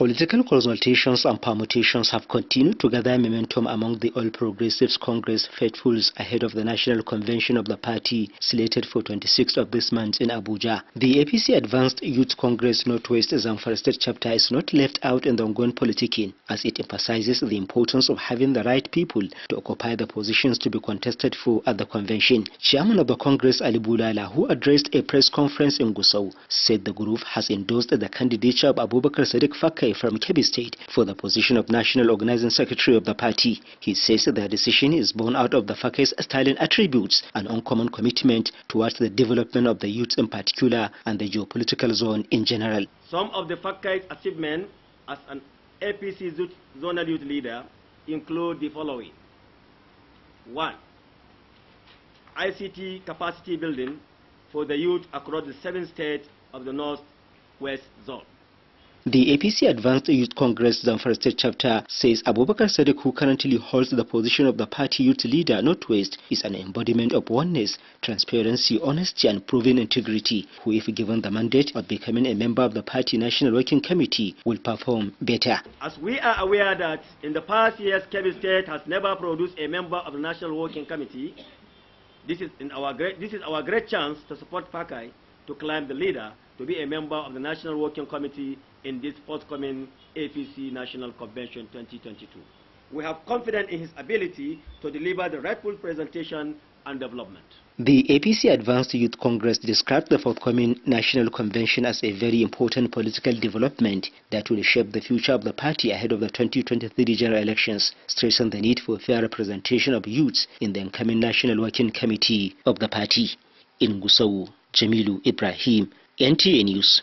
Political consultations and permutations have continued to gather momentum among the All Progressives Congress faithfuls ahead of the national convention of the party slated for 26th of this month in Abuja. The APC Advanced Youth Congress Northwest Zamfara State chapter is not left out in the ongoing politicking as it emphasizes the importance of having the right people to occupy the positions to be contested for at the convention. Chairman of the Congress Ali Bulala, who addressed a press conference in Gusau, said the group has endorsed the candidature of Abubakar Sadiq Fakir from Kebbi State for the position of National Organizing Secretary of the party. He says their decision is born out of the Fake's styling attributes, an uncommon commitment towards the development of the youth in particular and the geopolitical zone in general. Some of the Fake's achievements as an APC zonal youth leader include the following. One, ICT capacity building for the youth across the seven states of the Northwest Zone. The APC Advanced Youth Congress Zamfara State Chapter says Abubakar Sadek, who currently holds the position of the party youth leader Northwest, is an embodiment of oneness, transparency, honesty, and proven integrity, who, if given the mandate of becoming a member of the party National Working Committee, will perform better. As we are aware that in the past years, Kebbi State has never produced a member of the National Working Committee, this is, in our, great, this is our great chance to support Pakai to climb the leader to be a member of the National Working Committee in this forthcoming APC National Convention 2022. We have confidence in his ability to deliver the rightful presentation and development. The APC Advanced Youth Congress described the forthcoming national convention as a very important political development that will shape the future of the party ahead of the 2023 general elections, stressing the need for fair representation of youths in the incoming National Working Committee of the party in Gusau. Jamilu Ibrahim NTA News.